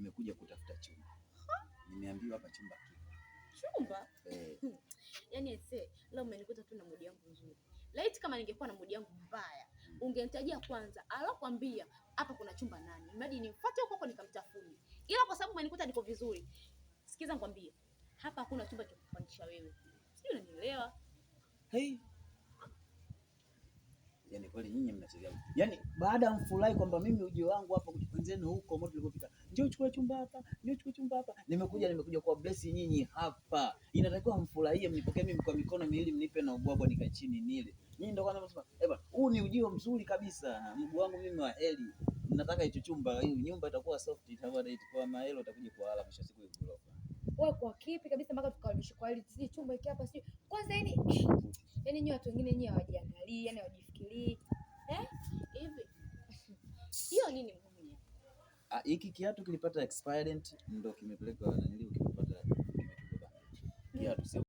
nimekuja kutafuta chumba. Nimeambiwa hapa chumba kipo. Chumba? Eh. Yaani ese, leo umenikuta tu na mudi yangu nzuri. Laiti kama ningekuwa na mudi yangu mbaya, ungenitajia kwanza, alakwambia hapa kuna chumba nani. Mradi nimfuate huko huko nikamtafuni. Ila kwa sababu umenikuta niko vizuri. Sikiza nikwambie, hapa hakuna chumba cha kukupangisha wewe. Sijui unanielewa? Hey. Yaani kweli nyinyi mnachezea. Yaani baada ya mfurahi kwamba mimi ujio wangu hapa kujipenzeni huko moto tulipopita njoo chukua chumba hapa, njoo chukua chumba hapa. Nimekuja nimekuja kwa bless nyinyi hapa. Inatakiwa mfurahie, mnipokee mimi kwa mikono miwili, mnipe na ubwabwa nikae chini nile. Nyinyi ndio kwanza mnasema, eh, bwana, huu ni ujio mzuri kabisa. Mguu wangu mimi wa heli. Nataka hicho chumba, hii nyumba itakuwa soft, itakuwa date kwa maelo utakuja kwa hala mwisho siku hiyo." Wewe kwa kipi kabisa mpaka tukarudishe kwa hili sisi chumba hiki hapa sisi. Kwanza yani yani nyinyi watu wengine nyinyi hawajiangalii, yani hawajifikirii. Eh? Hivi. Hiyo nini? Ah, hiki kiatu kilipata expired ndio kimepeleka nanili, kimepata kiatu